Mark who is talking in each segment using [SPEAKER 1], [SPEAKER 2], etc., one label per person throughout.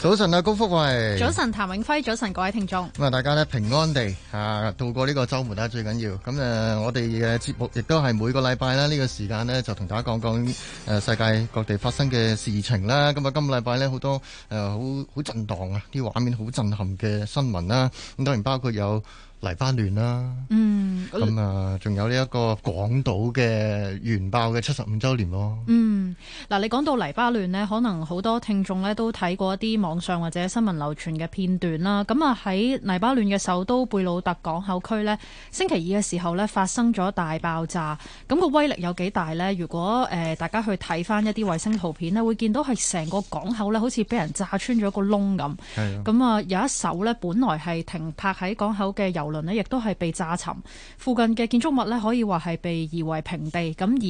[SPEAKER 1] 早晨啊，高福慧。早晨，
[SPEAKER 2] 譚永輝。早晨，各位聽眾。
[SPEAKER 1] 咁啊，大家呢平安地啊度過呢個周末啦，最緊要。咁啊，我哋嘅節目亦都係每個禮拜啦，呢個時間呢，就同大家講講誒世界各地發生嘅事情啦。咁啊，今個禮拜呢，好多誒好好震盪啊，啲畫面好震撼嘅新聞啦。咁當然包括有。黎巴嫩啦、
[SPEAKER 2] 啊，嗯，咁、嗯、
[SPEAKER 1] 啊，仲有呢一個廣島嘅原爆嘅七十五周年咯。嗯，
[SPEAKER 2] 嗱，你講到黎巴嫩咧，可能好多聽眾咧都睇過一啲網上或者新聞流傳嘅片段啦。咁啊，喺黎巴嫩嘅首都貝魯特港口區咧，星期二嘅時候咧發生咗大爆炸。咁個威力有幾大咧？如果誒、呃、大家去睇翻一啲衛星圖片咧，會見到係成個港口咧好似俾人炸穿咗個窿咁。咁啊的，有一艘咧，本來係停泊喺港口嘅油。無論呢，亦都係被炸沉，附近嘅建築物呢，可以話係被夷為平地，咁而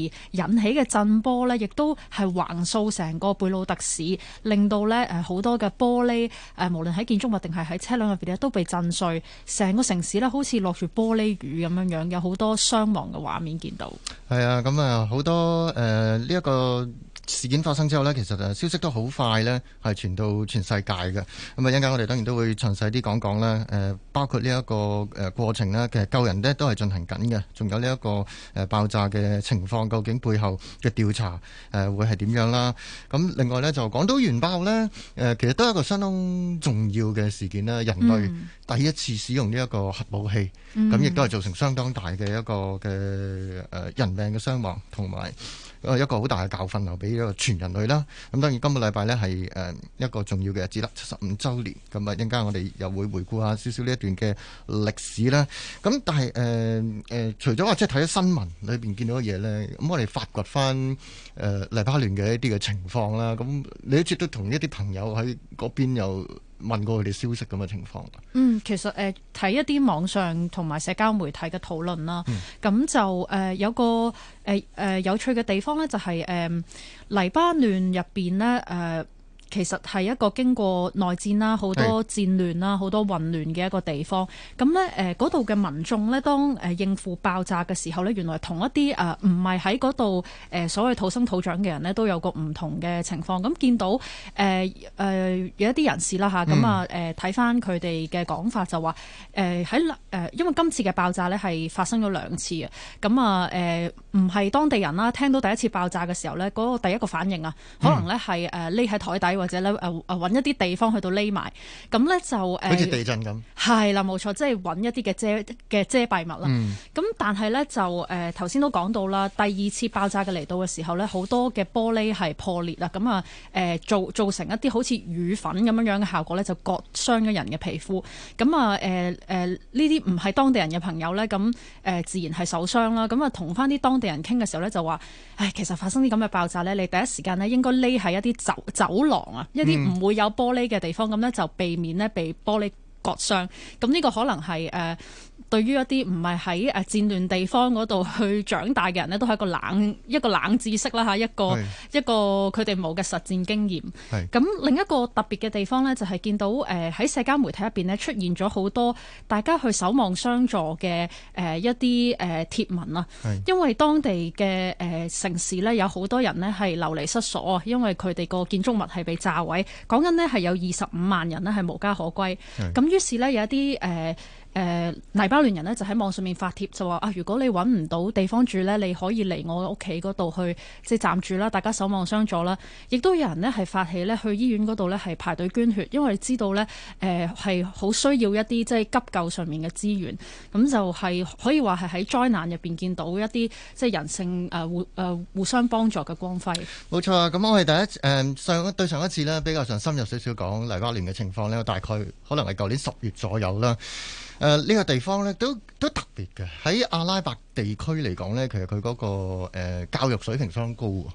[SPEAKER 2] 引起嘅震波呢，亦都係橫掃成個貝魯特市，令到呢誒好多、呃、嘅玻璃誒、呃，無論喺建築物定係喺車輛入邊呢，都被震碎，成個城市呢，好似落住玻璃雨咁樣樣，有好多傷亡嘅畫面見到。
[SPEAKER 1] 係啊，咁啊好多誒呢一個。事件發生之後呢，其實誒消息都好快呢，係傳到全世界嘅。咁啊，一陣間我哋當然都會詳細啲講講啦。誒，包括呢一個誒過程啦，其實救人呢都係進行緊嘅。仲有呢一個誒爆炸嘅情況，究竟背後嘅調查誒會係點樣啦？咁另外呢，就廣島原爆呢，誒其實都係一個相當重要嘅事件啦。人類第一次使用呢一個核武器，咁亦都係造成相當大嘅一個嘅誒人命嘅傷亡同埋。一個好大嘅教訓留俾一個全人類啦。咁當然今個禮拜呢係誒一個重要嘅日子啦，七十五週年。咁啊，陣間我哋又會回顧下少少呢一段嘅歷史啦。咁但係誒誒，除咗話即係睇咗新聞裏邊見到嘅嘢呢，咁我哋發掘翻誒黎巴嫩嘅一啲嘅情況啦。咁你都直都同一啲朋友喺嗰邊又，問過佢哋消息咁嘅情況。
[SPEAKER 2] 嗯，其實誒睇、呃、一啲網上同埋社交媒體嘅討論啦，咁、嗯、就誒、呃、有個誒誒、呃呃、有趣嘅地方咧，就係、是、誒、呃、黎巴嫩入邊呢。誒、呃。其實係一個經過內戰啦，好多戰亂啦，好多混亂嘅一個地方。咁咧，誒嗰度嘅民眾咧，當誒應付爆炸嘅時候咧，原來同一啲誒唔係喺嗰度誒所謂土生土長嘅人咧，都有個唔同嘅情況。咁見到誒誒、呃、有一啲人士啦，吓，咁啊誒睇翻佢哋嘅講法、嗯、就話誒喺誒，因為今次嘅爆炸咧係發生咗兩次啊。咁啊誒唔係當地人啦，聽到第一次爆炸嘅時候咧，嗰個第一個反應啊，可能咧係誒匿喺台底。或者咧誒誒揾一啲地方去到匿埋，咁咧就誒好似地震咁，係啦冇錯，即係揾一啲嘅遮嘅遮蔽物啦。咁、嗯、但係咧就誒頭先都講到啦，第二次爆炸嘅嚟到嘅時候咧，好多嘅玻璃係破裂啦，咁啊誒造造成一啲好似雨粉咁樣樣嘅效果咧，就割傷咗人嘅皮膚。咁啊誒誒呢啲唔係當地人嘅朋友咧，咁誒自然係受傷啦。咁啊同翻啲當地人傾嘅時候咧，就話，唉，其實發生啲咁嘅爆炸咧，你第一時間咧應該匿喺一啲走走廊。一啲唔會有玻璃嘅地方，咁呢，就避免呢被玻璃割傷。咁呢個可能係誒。呃對於一啲唔係喺誒戰亂地方嗰度去長大嘅人呢，都係一個冷、一個冷知識啦嚇，一個是一個佢哋冇嘅實戰經驗。咁是另一個特別嘅地方呢，就係、是、見到誒喺、呃、社交媒體入邊呢，出現咗好多大家去守望相助嘅誒、呃、一啲誒貼文啦。是因為當地嘅誒、呃、城市呢，有好多人呢係流離失所啊，因為佢哋個建築物係被炸毀，講緊呢，係有二十五萬人呢係無家可歸。咁是於是呢，有一啲誒。呃誒、呃、黎巴嫩人呢，就喺網上面發帖，就話啊，如果你揾唔到地方住呢，你可以嚟我屋企嗰度去即係暫住啦，大家守望相助啦。亦都有人呢，係發起呢去醫院嗰度呢，係排隊捐血，因為你知道呢係好需要一啲即係急救上面嘅資源。咁就係可以話係喺災難入面見到一啲即係人性互互相幫助嘅光輝。
[SPEAKER 1] 冇錯啊！咁我哋第一誒上、嗯、對上一次呢，比較上深入少少講黎巴嫩嘅情況呢，大概可能係舊年十月左右啦。誒呢、呃這個地方咧都都特別嘅，喺阿拉伯地區嚟講咧，其實佢嗰、那個、呃、教育水平相當高喎，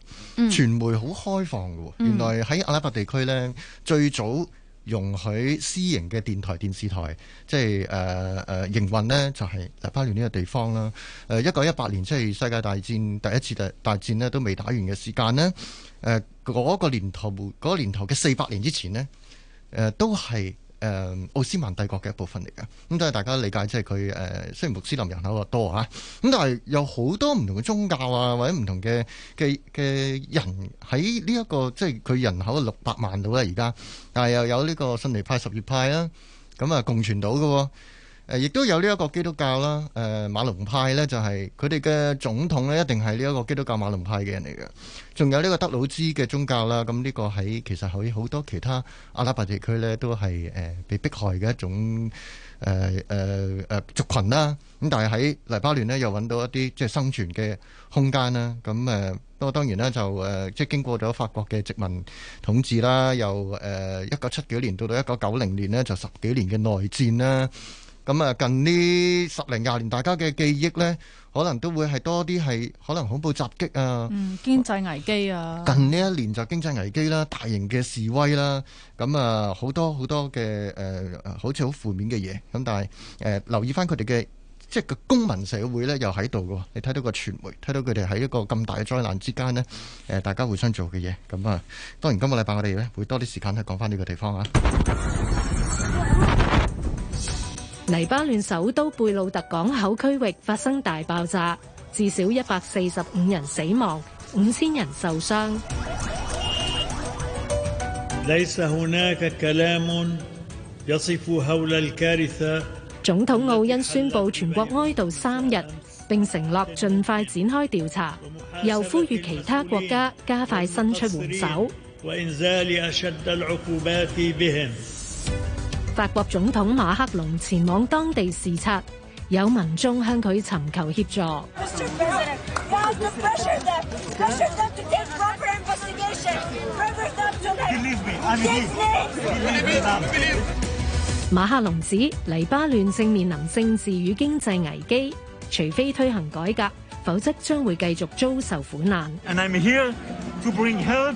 [SPEAKER 1] 傳、嗯、媒好開放嘅喎。原來喺阿拉伯地區咧，最早容許私營嘅電台、電視台，即係誒誒營運呢，就係、是、黎巴嫩呢個地方啦。誒一九一八年，即、就、係、是、世界大戰第一次大大戰咧，都未打完嘅時間呢，誒、呃、嗰、那個年頭嗰、那個、年頭嘅四百年之前呢，誒、呃、都係。誒、嗯、奧斯曼帝國嘅一部分嚟嘅，咁都係大家理解，即係佢誒雖然穆斯林人口啊多吓，咁但係有好多唔同嘅宗教啊，或者唔同嘅嘅嘅人喺呢一個，即係佢人口六百萬度啦，而家，但係又有呢個遜尼派、什葉派啦、啊，咁啊共存到嘅、啊。亦都有呢一個基督教啦。誒，馬龍派呢、就是，就係佢哋嘅總統咧，一定係呢一個基督教馬龍派嘅人嚟嘅。仲有呢個德魯茲嘅宗教啦。咁呢個喺其實喺好多其他阿拉伯地區呢，都係誒被迫害嘅一種誒誒誒族群啦。咁但係喺黎巴嫩呢，又揾到一啲即係生存嘅空間啦。咁誒，不過當然啦，就誒即係經過咗法國嘅殖民統治啦，由誒一九七幾年到到一九九零年呢，就十幾年嘅內戰啦。咁啊，近呢十零廿年，大家嘅記憶呢，可能都會係多啲係可能恐怖襲擊啊，嗯，
[SPEAKER 2] 經濟危機啊。近
[SPEAKER 1] 呢一年就經濟危機啦，大型嘅示威啦，咁啊好多好多嘅誒，好似好負面嘅嘢。咁但係誒留意翻佢哋嘅，即係個公民社會呢，又喺度嘅。你睇到個傳媒，睇到佢哋喺一個咁大嘅災難之間呢，誒大家互相做嘅嘢。咁啊，當然今個禮拜我哋咧會多啲時間去講翻呢個地方啊。
[SPEAKER 2] 黎巴嫩首都貝魯特港口區域發生大爆炸，至少一百四十五人死亡，五千人受傷。總統奧恩宣布全國哀悼三日，並承諾盡快展開調查，又呼籲其他國家加快伸出援手。法國總統馬克龍前往當地視察，有民眾向佢尋求協助。馬克龍指黎巴嫩正面臨政治與經濟危機，除非推行改革，否則將會繼續遭受苦
[SPEAKER 3] 難。
[SPEAKER 1] And I'm here to bring help.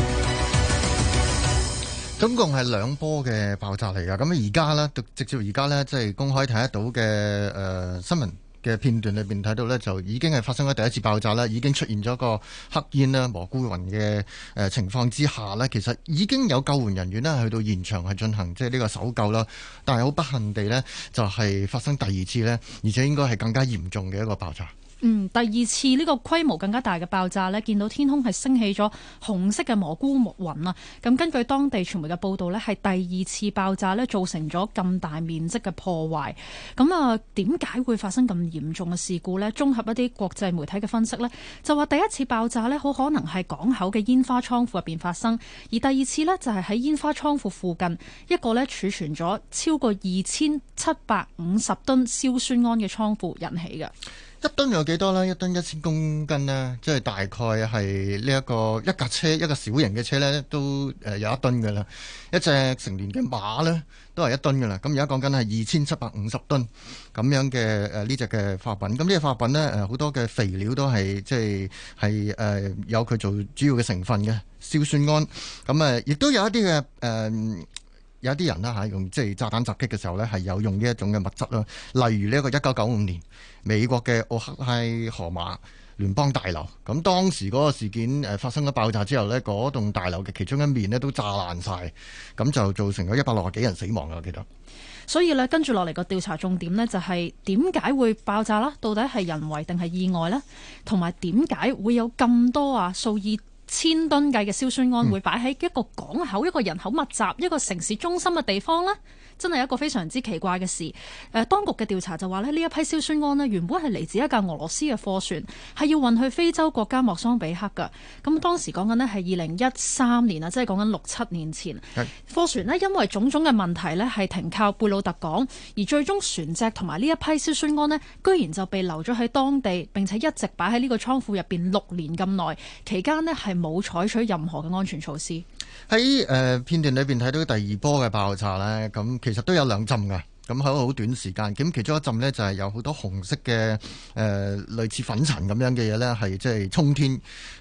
[SPEAKER 1] 總共係兩波嘅爆炸嚟㗎，咁而家呢，直接而家呢，即係公開睇得到嘅誒、呃、新聞嘅片段裏邊睇到呢，就已經係發生咗第一次爆炸啦，已經出現咗個黑煙啦、蘑菇雲嘅誒情況之下呢，其實已經有救援人員呢去到現場係進行即係呢個搜救啦，但係好不幸地呢，就係發生第二次呢，而且應該係更加嚴重嘅一個爆炸。
[SPEAKER 2] 嗯，第二次呢個規模更加大嘅爆炸呢，見到天空係升起咗紅色嘅蘑菇雲啊。咁根據當地傳媒嘅報道呢，係第二次爆炸呢造成咗咁大面積嘅破壞。咁啊，點、呃、解會發生咁嚴重嘅事故呢？綜合一啲國際媒體嘅分析呢，就話第一次爆炸呢好可能係港口嘅煙花倉庫入邊發生，而第二次呢，就係喺煙花倉庫附近一個呢儲存咗超過二千七百五十噸硝酸銨嘅倉庫引起嘅。
[SPEAKER 1] 一噸有幾多啦？一噸一千公斤啦，即、就、係、是、大概係呢一個一架車一個小型嘅車呢，都誒有一噸嘅啦。一隻成年嘅馬呢，都係一噸嘅啦。咁而家講緊係二千七百五十噸咁樣嘅誒呢隻嘅化品。咁呢隻化品呢，誒、呃、好多嘅肥料都係即係係誒有佢做主要嘅成分嘅硝酸銨。咁啊，亦、呃、都有一啲嘅誒。呃有啲人呢，嚇，用即係炸彈襲擊嘅時候呢，係有用呢一種嘅物質啦。例如呢一個一九九五年美國嘅奧克拉荷馬聯邦大樓，咁當時嗰個事件誒發生咗爆炸之後呢，嗰棟大樓嘅其中一面呢都炸爛晒，咁就造成咗一百六十幾人死亡了，我記得。
[SPEAKER 2] 所以咧，跟住落嚟個調查重點呢，就是，就係點解會爆炸啦？到底係人為定係意外呢？同埋點解會有咁多啊數以千噸計嘅硝酸銨會擺喺一個港口、一個人口密集、一個城市中心嘅地方啦真係一個非常之奇怪嘅事。誒、呃，當局嘅調查就話咧，呢一批硝酸胺呢原本係嚟自一架俄羅斯嘅貨船，係要運去非洲國家莫桑比克㗎。咁當時講緊呢係二零一三年啊，即係講緊六七年前。是貨船呢因為種種嘅問題呢係停靠貝魯特港，而最終船隻同埋呢一批硝酸胺呢，居然就被留咗喺當地，並且一直擺喺呢個倉庫入邊六年咁耐，期間呢係冇採取任何嘅安全措施。
[SPEAKER 1] 喺誒片段裏邊睇到第二波嘅爆炸呢，咁其實都有兩陣噶，咁喺好短時間，咁其中一陣呢，就係有好多紅色嘅誒、呃、類似粉塵咁樣嘅嘢呢，係即係衝天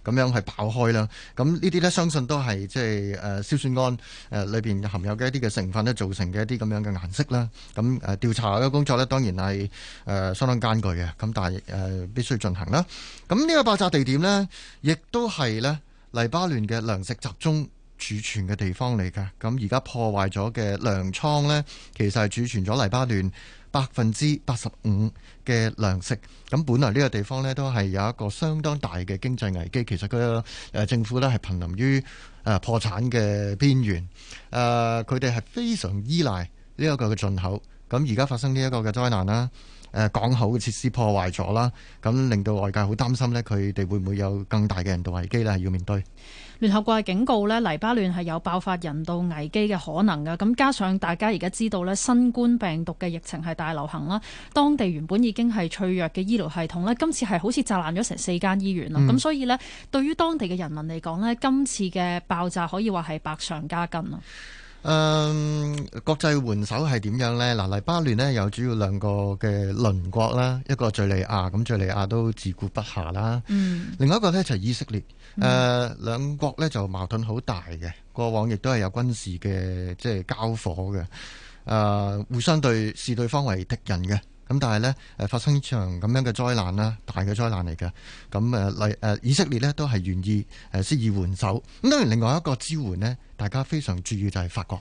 [SPEAKER 1] 咁樣係爆開啦。咁呢啲呢，相信都係即係誒硝酸铵誒裏邊含有嘅一啲嘅成分呢，造成嘅一啲咁樣嘅顏色啦。咁誒調查嘅工作呢，當然係誒、呃、相當艱巨嘅，咁但係誒必須進行啦。咁、這、呢個爆炸地點呢，亦都係呢黎巴嫩嘅糧食集中。儲存嘅地方嚟㗎，咁而家破壞咗嘅糧倉呢，其實係儲存咗黎巴嫩百分之八十五嘅糧食。咁本來呢個地方呢，都係有一個相當大嘅經濟危機，其實佢誒政府呢，係瀕臨於誒破產嘅邊緣。誒，佢哋係非常依賴呢一個嘅進口。咁而家發生呢一個嘅災難啦。誒港口嘅設施破壞咗啦，咁令到外界好擔心呢，佢哋會唔會有更大嘅人道危機咧？要面對
[SPEAKER 2] 聯合國嘅警告呢，黎巴嫩係有爆發人道危機嘅可能㗎。咁加上大家而家知道呢，新冠病毒嘅疫情係大流行啦，當地原本已經係脆弱嘅醫療系統呢，今次係好似炸爛咗成四間醫院啦。咁、嗯、所以呢，對於當地嘅人民嚟講呢，今次嘅爆炸可以話係百上加斤。咯。
[SPEAKER 1] 嗯，國際援手係點樣呢？嗱，黎巴嫩呢有主要兩個嘅鄰國啦，一個敍利亞，咁敍利亞都自顧不暇啦。嗯。另外一個呢就係以色列，誒、嗯嗯、兩國呢就矛盾好大嘅，過往亦都係有軍事嘅即係交火嘅，誒互相對視對方為敵人嘅。咁但係呢，誒發生一場咁樣嘅災難啦，大嘅災難嚟嘅。咁誒黎誒以色列呢都係願意誒施以援手。咁當然另外一個支援呢。大家非常注意就係、是、法國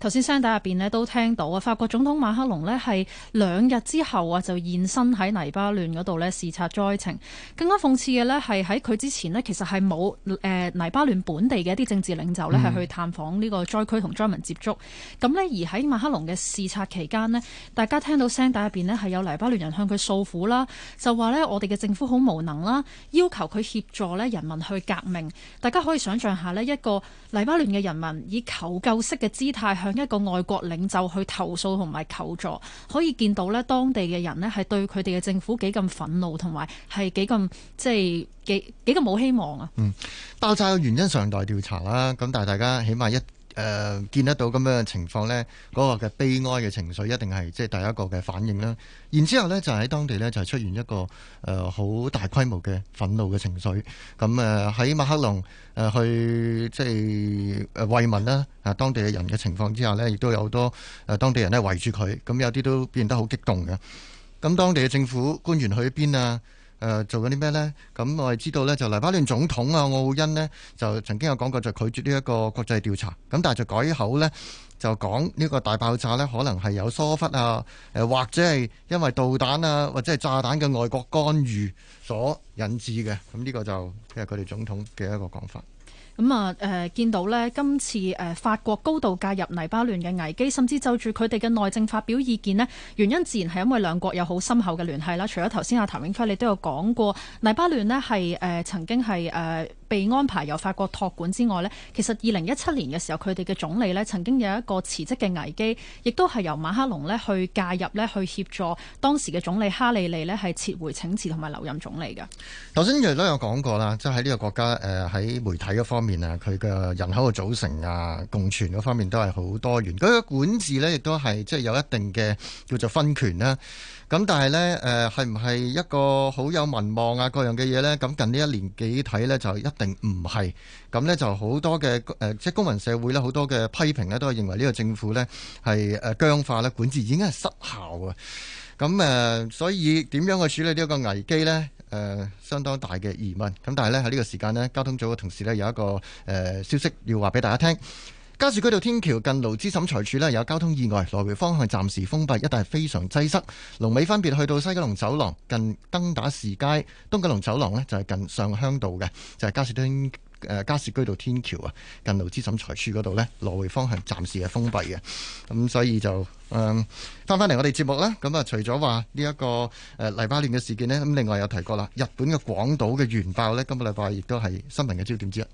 [SPEAKER 2] 頭先聲帶入邊咧都聽到啊，法國總統馬克龍咧係兩日之後啊就現身喺黎巴嫩嗰度咧視察災情。更加諷刺嘅咧係喺佢之前咧其實係冇誒黎巴嫩本地嘅一啲政治領袖咧係去探訪呢個災區同災民接觸，咁咧、嗯、而喺馬克龍嘅視察期間咧，大家聽到聲帶入邊咧係有黎巴嫩人向佢訴苦啦，就話咧我哋嘅政府好無能啦，要求佢協助咧人民去革命。大家可以想象下咧一個黎巴嫩嘅人。以求救式嘅姿態向一個外國領袖去投訴同埋求助，可以見到咧當地嘅人咧係對佢哋嘅政府幾咁憤怒，同埋係幾咁即係幾幾咁冇希望啊。嗯，
[SPEAKER 1] 爆炸嘅原因尚待調查啦。咁但係大家起碼一。誒、呃、見得到咁樣嘅情況呢，嗰、那個嘅悲哀嘅情緒一定係即係第一個嘅反應啦。然之後呢，就喺當地呢，就出現一個誒好、呃、大規模嘅憤怒嘅情緒。咁誒喺馬克龍誒、呃、去即係誒慰問啦，誒當地嘅人嘅情況之下呢，亦都有好多誒當地人呢，圍住佢，咁有啲都變得好激動嘅。咁當地嘅政府官員去咗邊啊？誒、呃、做緊啲咩呢？咁、嗯、我哋知道呢，就黎巴嫩總統啊奧恩呢，就曾經有講過就拒絕呢一個國際調查，咁但係就改口呢，就講呢個大爆炸呢，可能係有疏忽啊，呃、或者係因為導彈啊或者係炸彈嘅外國干預所引致嘅。咁、嗯、呢、這個就即係佢哋總統嘅一個講法。
[SPEAKER 2] 咁啊，誒、嗯呃、見到咧，今次誒、呃、法國高度介入黎巴嫩嘅危機，甚至就住佢哋嘅內政發表意見呢，原因自然係因為兩國有好深厚嘅聯繫啦。除咗頭先阿譚永輝你都有講過黎巴嫩呢，係、呃、誒曾經係。誒、呃。被安排由法國托管之外呢，其實二零一七年嘅時候，佢哋嘅總理呢曾經有一個辭職嘅危機，亦都係由馬克龍呢去介入呢去協助當時嘅總理哈利利呢係撤回請辭同埋留任總理嘅。
[SPEAKER 1] 頭先亦都有講過啦，即係喺呢個國家誒喺媒體嗰方面啊，佢嘅人口嘅組成啊、共存嗰方面都係好多元，佢嘅管治呢亦都係即係有一定嘅叫做分權啦。咁但係呢，係唔係一個好有民望啊，各樣嘅嘢呢，咁近呢一年幾睇呢，就一定唔係。咁呢就好多嘅、呃、即係公民社會呢，好多嘅批評呢，都係認為呢個政府呢係僵化咧，管治已經係失效啊。咁、呃、所以點樣去處理呢一個危機呢？呃、相當大嘅疑問。咁但係呢，喺呢個時間呢，交通組嘅同事呢，有一個、呃、消息要話俾大家聽。加士居道天橋近勞資審裁處呢，有交通意外，來回方向暫時封閉，一帶非常擠塞。龍尾分別去到西九龍走廊近登打士街、東九龍走廊呢就係近上鄉道嘅，就係加士居道天橋啊，近勞資審裁處嗰度咧，來回方向暫時係封閉嘅。咁、嗯、所以就誒翻翻嚟我哋節目啦。咁啊，除咗話呢一個誒黎巴嫩嘅事件呢，咁另外有提過啦，日本嘅廣島嘅原爆呢，今個禮拜亦都係新聞嘅焦點之一。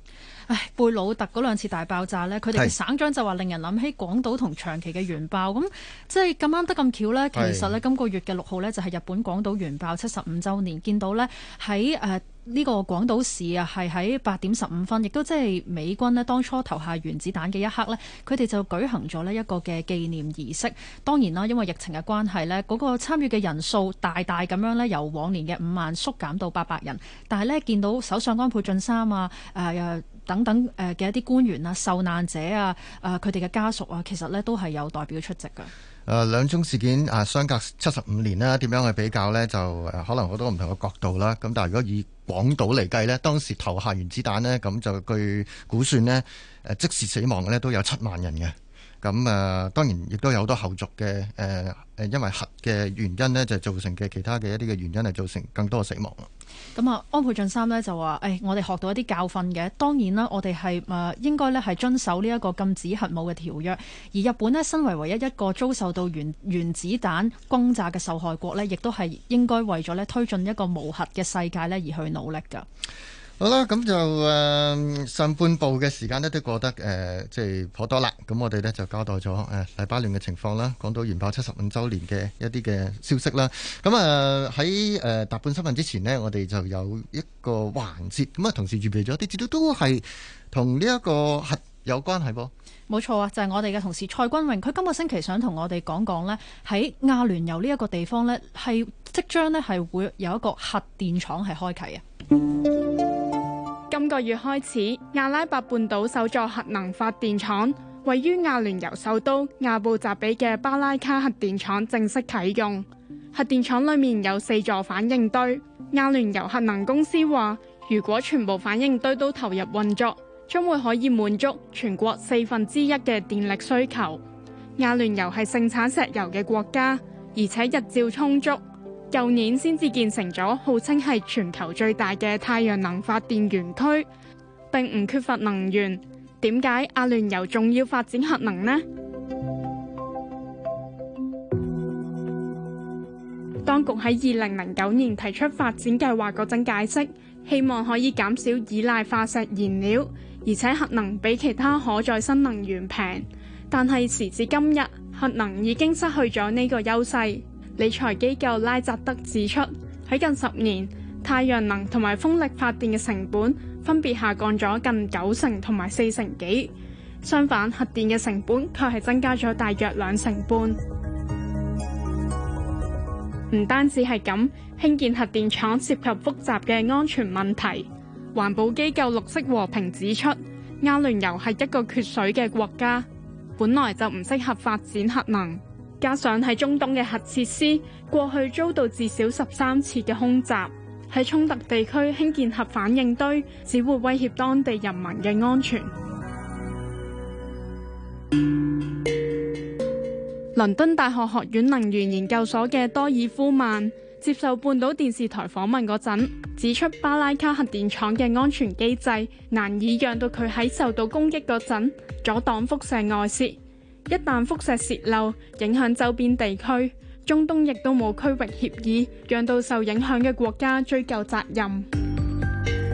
[SPEAKER 2] 唉、哎，貝魯特嗰兩次大爆炸呢，佢哋嘅省長就話令人諗起廣島同長崎嘅原爆，咁是、嗯、即係咁啱得咁巧呢？其實呢，今個月嘅六號呢，就係日本廣島原爆七十五週年，是見到呢，喺、呃、呢、這個廣島市啊，係喺八點十五分，亦都即係美軍呢，當初投下原子彈嘅一刻呢，佢哋就舉行咗呢一個嘅紀念儀式。當然啦，因為疫情嘅關係呢，嗰、那個參與嘅人數大大咁樣呢，由往年嘅五萬縮減到八百人。但係呢，見到首相安倍晉三啊，誒、呃。等等誒嘅一啲官員啊、受難者啊、誒佢哋嘅家屬啊，其實呢都係有代表出席㗎。誒、
[SPEAKER 1] 呃、兩宗事件啊，相隔七十五年啦，點樣去比較呢？就誒、啊、可能好多唔同嘅角度啦。咁但係如果以廣島嚟計呢，當時投下原子彈呢，咁就據估算呢，誒、啊、即時死亡嘅呢都有七萬人嘅。咁啊，當然亦都有好多後續嘅誒誒，因為核嘅原因咧，就造成嘅其他嘅一啲嘅原因，係造成更多嘅死亡。
[SPEAKER 2] 咁啊，安倍晉三呢，就話，誒，我哋學到一啲教訓嘅。當然啦，我哋係啊應該咧係遵守呢一個禁止核武嘅條約。而日本呢，身為唯一一個遭受到原原子彈轟炸嘅受害國，呢亦都係應該為咗呢，推進一個無核嘅世界呢而去努力噶。
[SPEAKER 1] 好啦，咁就誒上半部嘅時間咧，都過得誒、呃，即係頗多啦。咁我哋呢就交代咗誒黎巴嫩嘅情況啦，講到原爆七十五週年嘅一啲嘅消息啦。咁啊喺誒踏半新聞之前呢，我哋就有一個環節，咁啊，同時預備咗啲，啲都係同呢一個核有關係的。
[SPEAKER 2] 冇錯啊，就係、是、我哋嘅同事蔡君穎，佢今個星期想同我哋講講呢喺阿聯酋呢一個地方呢，係即將呢係會有一個核電廠係開啟啊。
[SPEAKER 3] 今個月開始，阿拉伯半島首座核能發電廠，位於阿聯酋首都阿布扎比嘅巴拉卡核電廠正式啟用。核電廠裏面有四座反應堆。阿聯酋核能公司話，如果全部反應堆都投入運作，將會可以滿足全國四分之一嘅電力需求。阿聯酋係盛產石油嘅國家，而且日照充足。舊年先至建成咗，號稱係全球最大嘅太陽能發電園區，並唔缺乏能源。點解阿聯酋仲要發展核能呢？當局喺二零零九年提出發展計劃嗰陣解釋，希望可以減少依賴化石燃料，而且核能比其他可再生能源平。但係時至今日，核能已經失去咗呢個優勢。理財機構拉扎德指出，喺近十年，太陽能同埋風力發電嘅成本分別下降咗近九成同埋四成幾，相反，核電嘅成本卻係增加咗大約兩成半。唔單止係咁，興建核電廠涉及複雜嘅安全問題。環保機構綠色和平指出，阿聯酋係一個缺水嘅國家，本來就唔適合發展核能。加上喺中東嘅核設施過去遭到至少十三次嘅空襲，喺衝突地區興建核反應堆只會威脅當地人民嘅安全。倫 敦大學學院能源研究所嘅多爾夫曼接受半島電視台訪問嗰陣，指出巴拉卡核電廠嘅安全機制難以讓到佢喺受到攻擊嗰陣阻擋輻射外洩。一旦輻射洩漏，影響周邊地區，中東亦都冇區域協議讓到受影響嘅國家追究責任。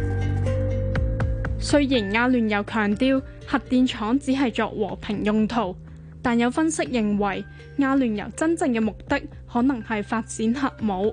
[SPEAKER 3] 雖然阿聯酋強調核電廠只係作和平用途，但有分析認為，阿聯酋真正嘅目的可能係發展核武。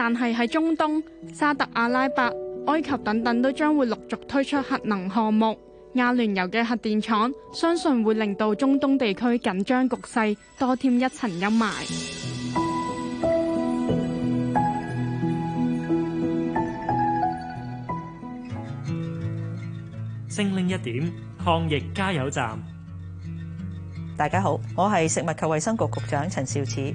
[SPEAKER 3] 但係喺中東、沙特阿拉伯、埃及等等，都將會陸續推出核能項目。阿聯酋嘅核電廠，相信會令到中東地區緊張局勢多添一層陰霾。
[SPEAKER 1] 清零一點，抗疫加油站。
[SPEAKER 2] 大家好，我係食物及衛生局局長陳肇始。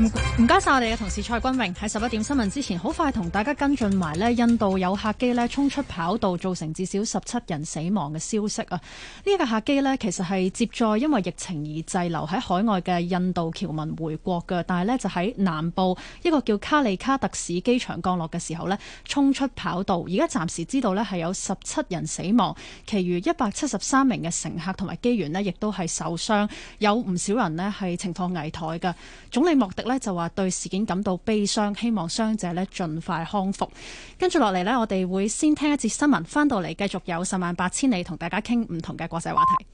[SPEAKER 2] 唔該晒我哋嘅同事蔡君穎喺十一點新聞之前，好快同大家跟進埋咧，印度有客機咧衝出跑道，造成至少十七人死亡嘅消息啊！呢一架客機咧，其實係接載因為疫情而滯留喺海外嘅印度僑民回國嘅。但係咧就喺南部一個叫卡里卡特市機場降落嘅時候咧，衝出跑道。而家暫時知道咧係有十七人死亡，其餘一百七十三名嘅乘客同埋機員咧，亦都係受傷，有唔少人咧係情況危殆嘅。總理莫迪。咧就話對事件感到悲傷，希望傷者咧盡快康復。跟住落嚟咧，我哋會先聽一節新聞，翻到嚟繼續有十萬八千里同大家傾唔同嘅國際話題。